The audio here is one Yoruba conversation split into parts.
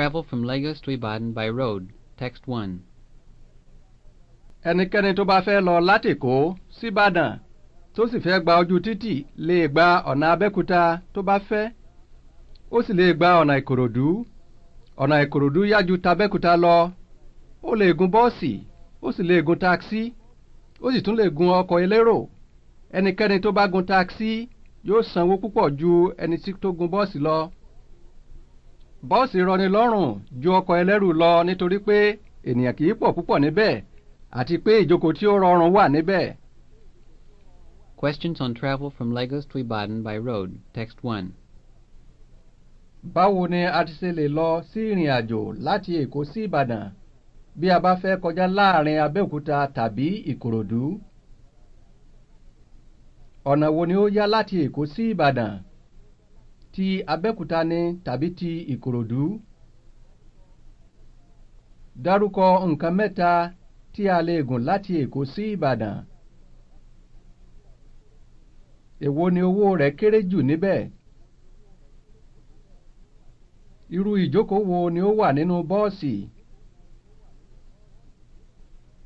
Travel from Lagos to Ibadan by road, text 1. ẹnikẹ́ni tó bá fẹ́ lọ látìkó síbàdàn tó sì fẹ́ gba ojú títì lè gba ọ̀nà abẹ́kúta tó bá fẹ́ ó sì lè gba ọ̀nà ìkòròdú ọ̀nà ìkòròdú yájú tabẹ́kúta lọ ó lè gun bọ́ọ̀sì ó sì lè gun taxi ó sì tún lè gun ọkọ̀ elérò ẹnikẹ́ni tó bá gun taxi yóò sanwó púpọ̀ ju ẹni tó gun bọ́ọ̀sì lọ bọ́ọ̀sì rọni lọ́rùn ju ọkọ̀ ẹlẹ́rù lọ nítorí pé ènìyàn kì í pọ̀ púpọ̀ níbẹ̀ àti pé ìjókòó tí ó rọrùn wà níbẹ̀. Questions on travel from Lagos to Ibadan by road, text one. Báwo ni a ti ṣe lè lọ sí ìrìn àjò láti Èkó sí Ìbàdàn bí a bá fẹ́ kọjá láàrin Abẹ́òkúta tàbí Ìkòròdú? Ọ̀nà wo ni ó yá láti Èkó sí Ìbàdàn? ti abẹ́kúta ni tàbí ti ìkòròdú. dárúkọ nǹkan mẹ́ta tí a lè gùn láti èkó sí ìbàdàn. èwo ni owó rẹ̀ kéré jù níbẹ̀? irú ìjókòó wo ni ó wà nínú bọ́ọ̀sì?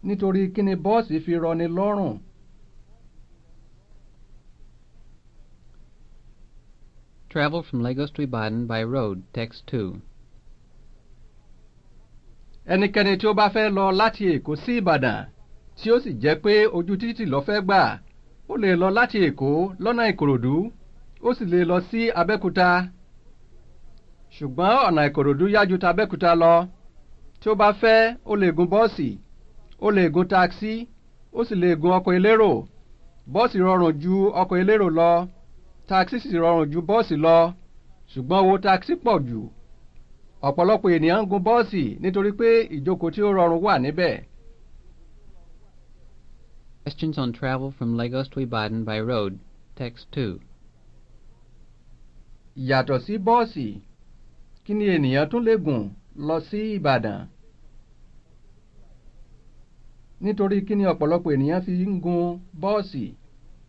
nítorí ni bọ́ọ̀sì fi rọni lọ́rùn. Travel from Lagos to Ibadan by road text two. ẹnikẹ́ni tí ó bá fẹ́ lọ láti Èkó sí Ìbàdàn tí ó sì jẹ́ pé ojú títì ló fẹ́ gbà ó lè lọ láti Èkó lọ́nà Ìkòròdú ó sì lè lọ sí Abẹ́òkúta ṣùgbọ́n ọ̀nà Ìkòròdú yá ju tàbẹ́òkúta lọ tí ó bá fẹ́ ó lè gun bọ́ọ̀sì ó lè gun taxi ó sì lè gun ọkọ̀ elérò bọ́ọ̀sì rọrùn ju ọkọ̀ elérò lọ táksì sì rọrùn ju bọ́ọ̀sì lọ ṣùgbọ́n owó táksì pọ̀ jù ọ̀pọ̀lọpọ̀ ènìyàn ń gun bọ́ọ̀sì nítorí pé ìjókòó tí ó rọrùn wà níbẹ̀. Questions on travel from Lagos to Ibadan by road, text two. Yàtọ̀ sí bọ́ọ̀sì, kí ni ènìyàn tún lè gùn lọ sí Ìbàdàn? Nítorí kí ni ọ̀pọ̀lọpọ̀ ènìyàn fi ń gun bọ́ọ̀sì?